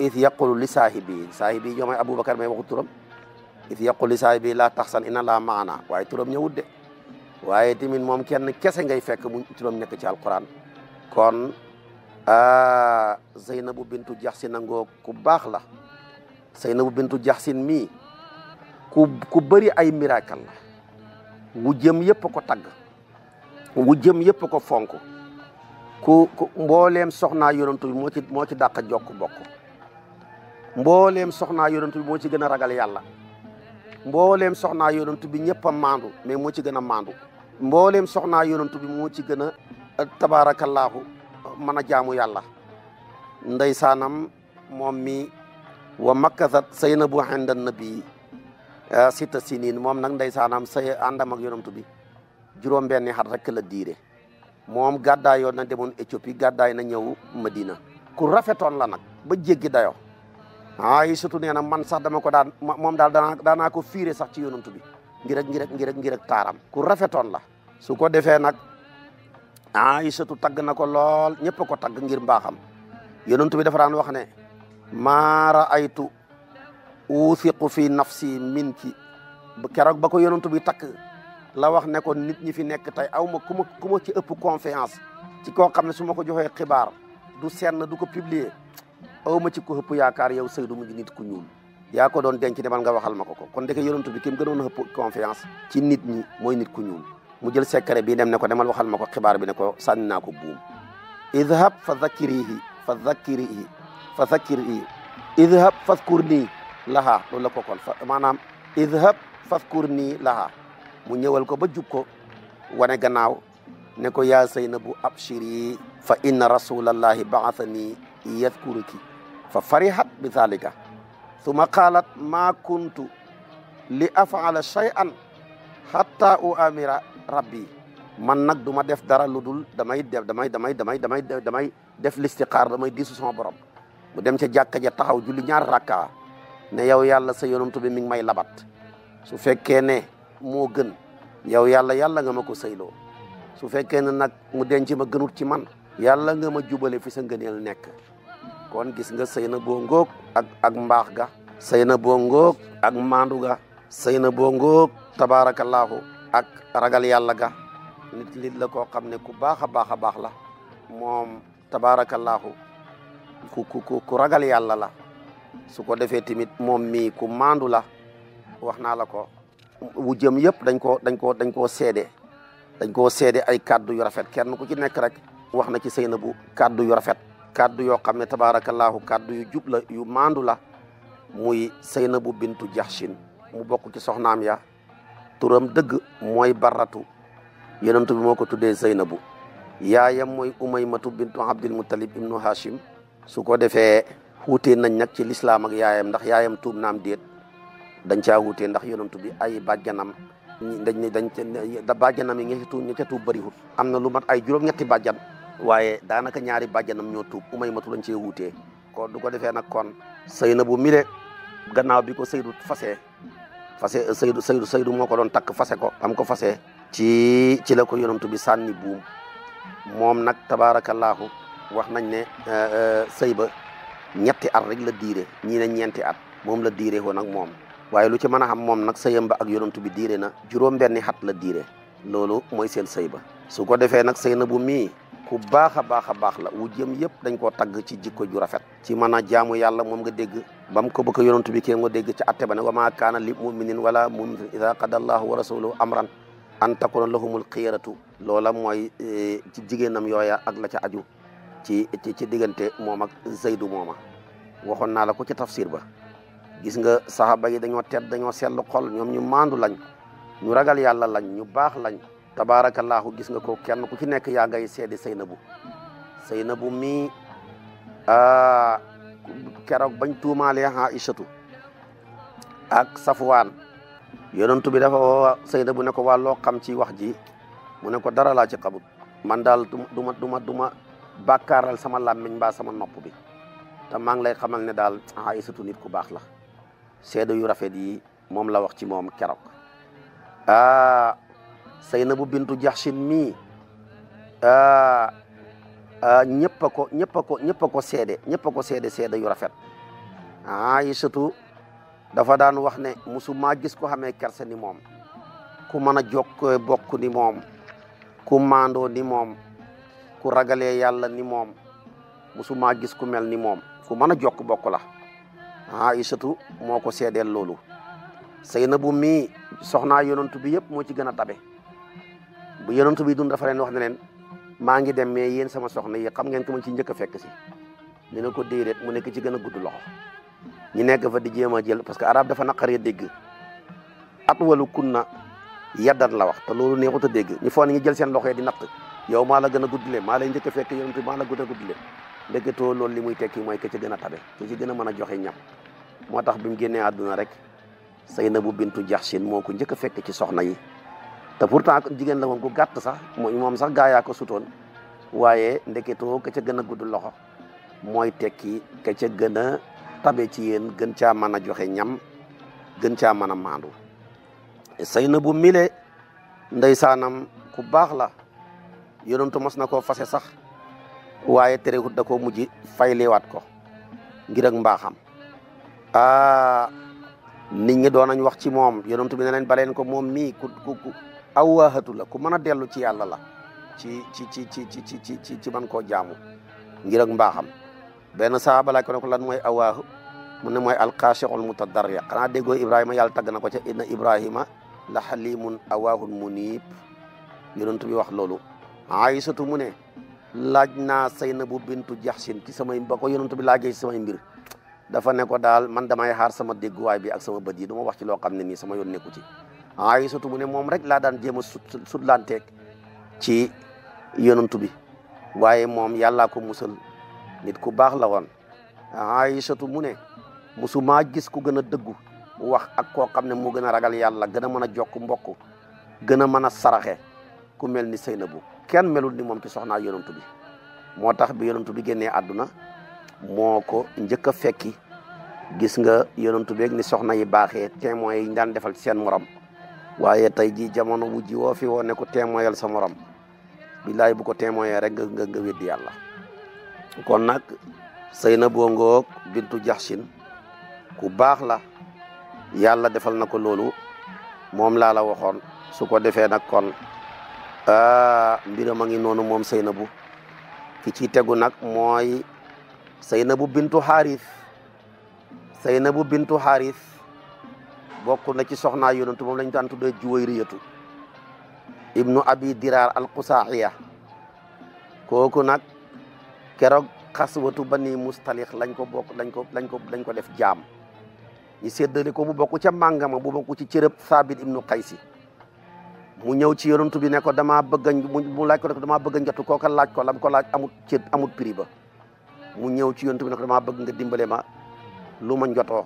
is yaqulu li saahibi saahibi joo may aboubacar may waxu turam is yaqulu li saahibi laa taxsan inna laa maana waaye turam ñëwut de waaye tamit moom kenn kese ngay fekk mu turam nekk ci alquran kon Zeynabu bintu Jaxsin angoo ku baax la Zeynabu bintu Jaxsin mi ku ku bëri ay miracle la wu jëm yëpp ko tagg wu jëm yëpp ko fonk ku ku mbooleem soxnaa yonantu moo ci moo ci dàq jokk bokk mbooleem soxnaa yonantu bi moo ci gën a ragal yàlla mboolem soxnaa yonantu bi ñëpp a maandu mais moo ci gën a maandu mbooleem soxnaa yonantu bi moo ci gën a tabaarakallaahu mën a jaamu yàlla ndeysaanam moom mi wa makkasat saynabu inda nabi sita sinin moom nag ndeysaanam say àndam mak yonantu bi juróom benni xar rek la diire moom gàddaayoo na demoon Éthiopie gàddaay na ñëw Madina ku rafetoon la nag ba jéggi dayo ah surtout nee na man sax dama ko daan moom daal daanaa daanaa ko fiire sax ci yonantu bi ngir ak ngir ak ngir ak ngir ak taaram ku rafetoon la su ko defee nag ah surtout tagg na ko lool ñëpp ko tagg ngir mbaaxam yonantu bi dafa daan wax ne maa raaytu uthiqu fi nafsi minki keroog ba ko yonantu bi takk la wax ne ko nit ñi fi nekk tey aw ma ku ma ku ma ci ëpp confiance ci koo xam ne su ma ko joxee xibaar du senn du ko publier aw ma ci ko ëpp yaakaar yow Seydou mu ngi nit ku ñuul yaa ko doon denc demal nga waxal ma ko ko kon deke yonent bi ki mu gënoon a ëpp confiance ci nit ñi mooy nit ku ñuul mu jël secret bi dem ne ko demal waxal ma ko xibaar bi ne ko sànni naa ko buum idhab fa dhakkirihi fa dhakkirihi fa dhakkirihi idhab fadkur nii lahaa loolu la ko kon maanaam idhab fadkur nii lahaa mu ñëwal ko ba jub ko wane gannaaw ne ko yaa Saynabu abshiri fa inna rasulallahi ba'athani yadhkuruki fa farihat bi dhalika thumma qalat ma kuntu li af'ala shay'an hatta u'amira rabbi man nag du ma def dara lu dul damay def damay damay damay damay damay def listixaar damay diisu sama borom mu dem ca jàkka ja taxaw julli ñaar rakka ne yow yàlla sa yonantu bi mi ngi may labat su fekkee ne mo gën yow yalla yalla nga mako seylo su fekke ne mu denc ma gënut ci man yalla nga ma jubale fi sa ngeenel nek kon gis nga seyna na boo ak ak mbax ga seyna bongok boo ak mandu ga seyna na boo ngóog ak ragal yalla ga nit li la ko xamne ku baxa baxa bax la mom tabarakallah ku ku ku ragal yalla la su ko defee tamit moom ku mandu la waxna la ko wu jëm yëpp dañ koo dañ koo dañ koo seede dañ koo seede ay kàddu yu rafet kenn ku ci nekk rek wax na ci Seynabou kàddu yu rafet kàddu yoo xam ne tabaarakallaahu kàddu yu jubla yu maandu la muy Seynabou bintu Jaxsin mu bokk ci soxnaam ya turam dëgg mooy baratu yonent bi moo ko tuddee Seynabou yaayam mooy umaymatu bintu abdul muttalib ibnu hashim su ko defee xuutee nañ nag ci lislaam ak yaayam ndax yaayam tuub naam déet dañ caa wutee ndax yonantu bi ay bàjjanam dañ ne dañ da bàjjanam yi ña ca ña ca tuub am na lu mat ay juróom-ñetti bàjjan waaye daanaka ñaari bàjjanam ñoo tuub umay matu lañ cee wutee ko du ko defee nag kon sëy na bu mile gannaaw bi ko Seydou fase fase Seydou Seydou Seydou moo ko doon takk fase ko am ko fase ci ci la ko yonantu bi sànni buum moom nag tabaarakallaahu wax nañ ne euh, euh, sëy ba ñetti at rek la diire ñii ne ñeenti at moom la diire woon ak moom waaye lu ci mën a xam moom nag sëyam ba ak yonantu bi diire na juróom benni xat la diire loolu mooy seen sëy ba su ko defee nag sëy na bu mi ku baax a baax a baax la wu jëm yëpp dañ koo tagg ci jikko ju rafet ci mën a jaamu yàlla moom nga dégg ba mu ko bëgg yonantu bi kee nga dégg ci atte ba ne wa maa kaana li muminin wala muminatin ida qada allahu wa rasuluhu amran an takuna lahumul xiyaratu loola mooy eh, ci jigéenam yooya ak la ca aju ci ci diggante moom ak zaydu mooma waxoon naa la ko ci tafsir ba gis nga sahaba yi dañoo tedd dañoo sellu xol ñoom ñu mandu lañ ñu ragal yàlla lañ ñu baax lañ tabaarakallaahu gis nga ko kenn ku ci nekk yaa ngay seede saynabu saynabu mi keroog bañ tuumaalee ishatu ak Safwaan yonentu bi dafa woo Seynabu ne ko waa xam ci wax ji mu ne ko dara laa ci xamut man daal duma duma duma bàkkaaral sama làmmiñ mbaa sama nopp bi te maa ngi lay xamal ne daal nit ku baax la seede yu rafet yi moom la wax ci moom keroog aa ah, Saynabu bintu Jaxsin mii aa ah, ah, ñëpp a ko ñëpp ko ñëpp a ko seede ñëpp ko seede seede yu rafet yi Aysatu dafa daan wax ne musuma gis ko xamee kerse ni moom ku mën a jokk bokk ni moom ku maandoo ni moom ku ragale yàlla ni moom musuma gis ku mel ni moom ku mën a jokk bokk la aïchatu moko sedel seedeel loolu Saynabu mi soxna yonentou bi yep mo ci gëna tabé tabe bu yonentou bi dund dafa len wax ne len ma ngi dem me yeen sama soxna yi xam ngeen ko ma ci ñëk fekk ci ñu na ko deeret mu nekk ci gëna gudd loxo ñi nekk fa di jema jël parce que arab dafa naqari degg at kunna yaddan la wax te loolu neexu ta degg ñu foog ñu jël seen loxo di nat yow maa la gën a guddle maa lay njëkk fekk yonentou maa la gën a guddle ndeketoo loolu tekki moy ke ci gëna tabé ci gëna mëna ñam moo tax bi mu génnee àdduna rek bu bintu Jaxsin moo ko njëkk a fekk ci soxna yi te pourtant jigéen la woon ku gàtt sax moom sax gaa yaa ko sutoon waaye ndeketoo ka ca gën a gudd loxo mooy tekki ka ca gën a tabe ci yéen gën caa mën a joxe ñam gën caa mën a maandu Saynabu mile ndeysaanam ku baax la yonentu mos na koo fase sax waaye terewut da koo mujj fayliwaat ko ngir ak mbaaxam Ah, nit ñi doon nañ wax ci moom yonentu bi ne leen baleen ko moom mii ku ku ku la ku mën a dellu ci yàlla la ci ci ci ci ci ci ci ci man koo jaamu ngir ak mbaaxam benn saaba laaj ko ne ko lan mooy awaahu mu ne mooy alqaashiqul mutadarri xanaa déggoo Ibrahima yàlla tagg na ko ca inna Ibrahima la xalimun awaahun munib yonentu bi wax loolu Aysatu mu ne laaj na Saynabu bintu Jaxsin ci samay ba ko yonentu bi laajee ci samay mbir dafa ne ko daal man damay xaar sama dégguwaay bi ak sama bët yi du wax ci loo xam ne ni sama yoon nekku ci Aysatu mu ne moom rek laa daan jéem a sut sutlanteeg ci yonantu bi waaye moom yàllaa ko musal nit ku baax la woon Aysatu mu ne maa gis ku gën a dëggu wax ak koo xam ne moo gën a ragal yàlla gën a mën a jokk mbokk gën a mën a saraxe ku mel ni bu kenn melul ni moom ci soxnaa yonantu bi moo tax bi yonantu bi génnee àdduna moo ko injek fekki gis nga yonantu beeg ni soxna yi baxé témoin yi ndan defal sen morom waye tay ji jamono bu ji wo fi woo ne ko témoyal sa morom billahi bu ko témoyé rek nga nga weddi yalla kon nak sayna na bintu ku bax la yalla defal nako lolu mom la la waxon su ko kon mbiram a ngi nonu mom sayna bu ki ci teggu nak moy Saynabu bintu Xaaris Saynabu bintu Harith bokku na ci soxnaa yonantu moom lañ daan tuddee Juwayriyatu ibnu abi al qusaiya koku nak keroog khaswatu bani Mustaliq lañ ko bokk lañ ko lañ ko lañ ko def jam ñu seddel ko bu bokku ci màngama bu bokku ci cërëb sabit ibnu qaisi mu ñew ci yonantu bi ne ko dama bëgg mu laj ko dama bëgg ñattu laj ko lam ko laj amut ci amut prix mu ñew ci yoonte bi nak dama bëgg nga dimbalé ma lu ma njotoo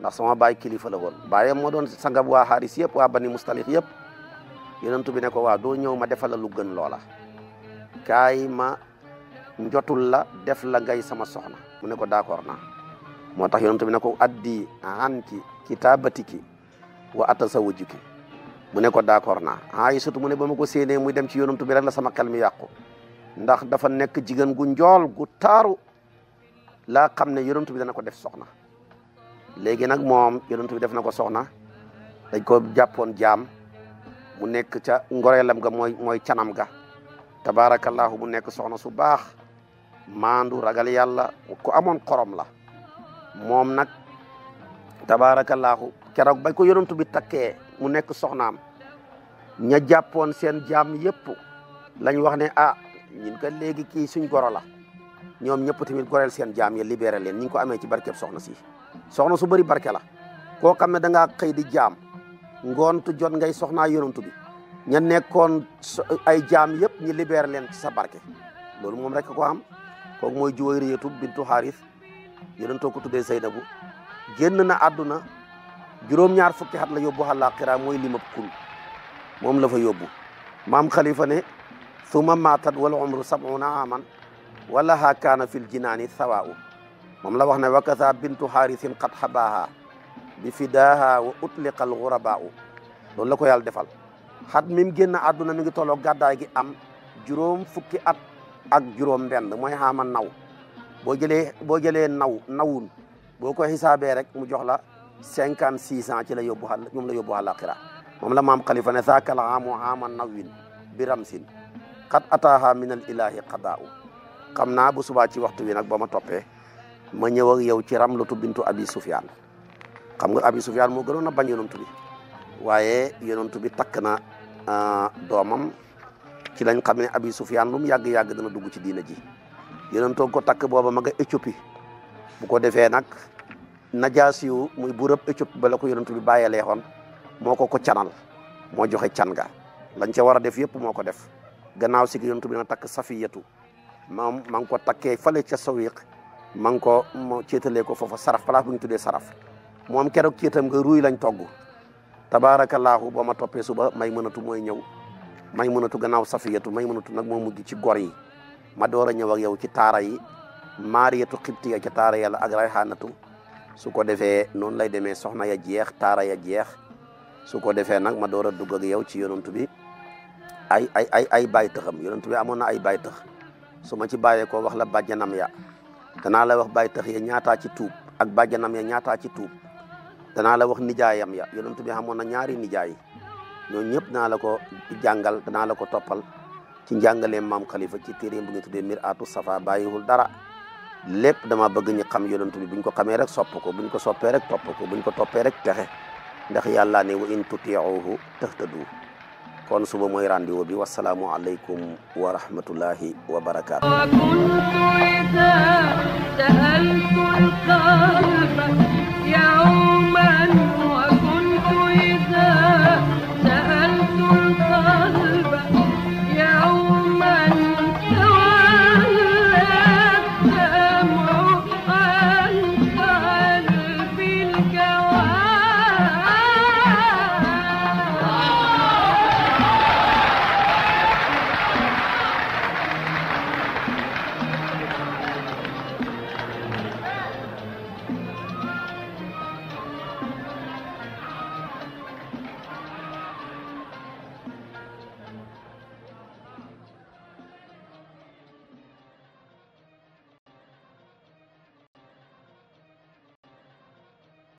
ndax sama baye kilifa la woon baye mo doon sangab wa haris yëpp wa bani mustalix yëpp yoonte bi ne ko waaw doo ma defal la lu gën loola kay ma njotul la def la ngay sama soxna mu ne ko d'accord na motax yoonte bi ne ko addi anki kitabatiki wa atasawujuki mu ne ko d'accord na ay sutu mu ne bama ko séenee muy dem ci yoonte bi rek la sama kalmi yaqku ndax dafa nek jigen gu gu taru la xamne ne bi dana ko def soxna legi nak mom yonent bi def nako soxna dañ ko jàppoon jam mu nek ca ngorelam ga moy moy canam ga tabarakallah mu nek soxna su bax mandu ragal yalla ku amon xorom la Mom nak. Tabarakallah. kero bañ ko yonent bi takke mu nek soxnam ña japon sen jam yep lañ wax ne ah ñin ka legi ki suñ goro ñoom ñëpp tamit goreel seen jaam ya libéré leen ñi ngi ko amee ci barkeb soxna si soxna su bari barke la koo xam ne danga ngaa xëy di jaam ngoontu jot ngay soxnaa yonantu bi ña nekkoon ay jaam yëpp ñi libéré leen ci sa barke loolu moom rek ko am kooku mooy Juwayriyatu bintu Xaaris yonantoo ko tuddee Zeynabu génn na àdduna juróom-ñaar fukki at la yóbbu àllaaxira mooy limab kun moom lafa fa yóbbu maam Khalifa ne suma maatat wala umru sabuna aman ولها كان في الجنان ثواء مم لوحنا وكذا بنت حارث قد حباها بفداها وأطلق الغرباء لون لكو يال دفال حد ميم جن عدونا ميجي تولو قادا يجي أم جروم فكي أت أك جروم بند موي هاما ناو بوجلي بوجلي ناو ناون بوكو حسابي رك مجوحلا 56 سنة تي لا يوبوها نيوم لا يوبوها لاخرا مام لا مام خليفه نذاك العام عام النوين برمسين قد اتاها من الاله قضاؤه Kamna bu subaa ci waxtu bi nag ba ma toppee ma ñëw ak yow ci ramlatu bintu abi sufyaan xam nga abi sufyaan moo gënoon a bañ yonantu bi waaye yonantu bi takk na ah, doomam ci lañ xam ne abi sufyaan lu mu yàgg-yàgg dana dugg ci diina ji yonantoo ko takk booba ma nga éthiopie bu ko defee nag najaasi yu muy burab éthiopie ba la ko yonantu bi bàyyeelee xoon moo ko ko canal moo joxe can ga lañ ca war a def yépp moo ko def gannaaw si yonantu bi na takk safiyatu ma ma ngi ko takkee fale ca sawiq ma ngi ko céetalee ko foofa saraf place bu ñu tuddee saraf moom keroog céetam nga ruuy lañ togg tabaarakallaahu boo ma toppee suba may mënatu mooy ñëw may mënatu gannaaw safiyatu may mënatu nag moo mujj ci gor yi ma door a ñëw ak yow ci taara yi maariyatu xibtiya ca taara yàlla ak rayxaanatu su ko defee noonu lay demee soxna ya jeex taara ya jeex su ko defee nag ma door a dugg yow ci yonantu bi ay ay ay ay bàyyi tëxam yonantu bi amoon na ay bàyyi su ma ci bàyyeekoo wax la bàjjanam ya danaa la wax bàyyi tax ya ñaataa ci tuub ak bàjjanam ya ñaataa ci tuub danaa la wax nijaayam ya yonent bi xamoon na ñaari nijaay ñooñu ñëpp danaa la ko jàngal danaa la ko toppal ci njàngaleem maam Khalifa ci téeréem bu ñu tuddee Mir'atu Safa bàyyiwul dara lépp dama bëgg ñu xam yonent bi buñ ko xamee rek sopp ko bu buñ ko soppee rek topp ko buñ ko toppee rek texe ndax yàlla ne wa in tuti'uhu tahtadu kon suba moy rendez-vous bi alaykum wa rahmatullahi wa barakatuh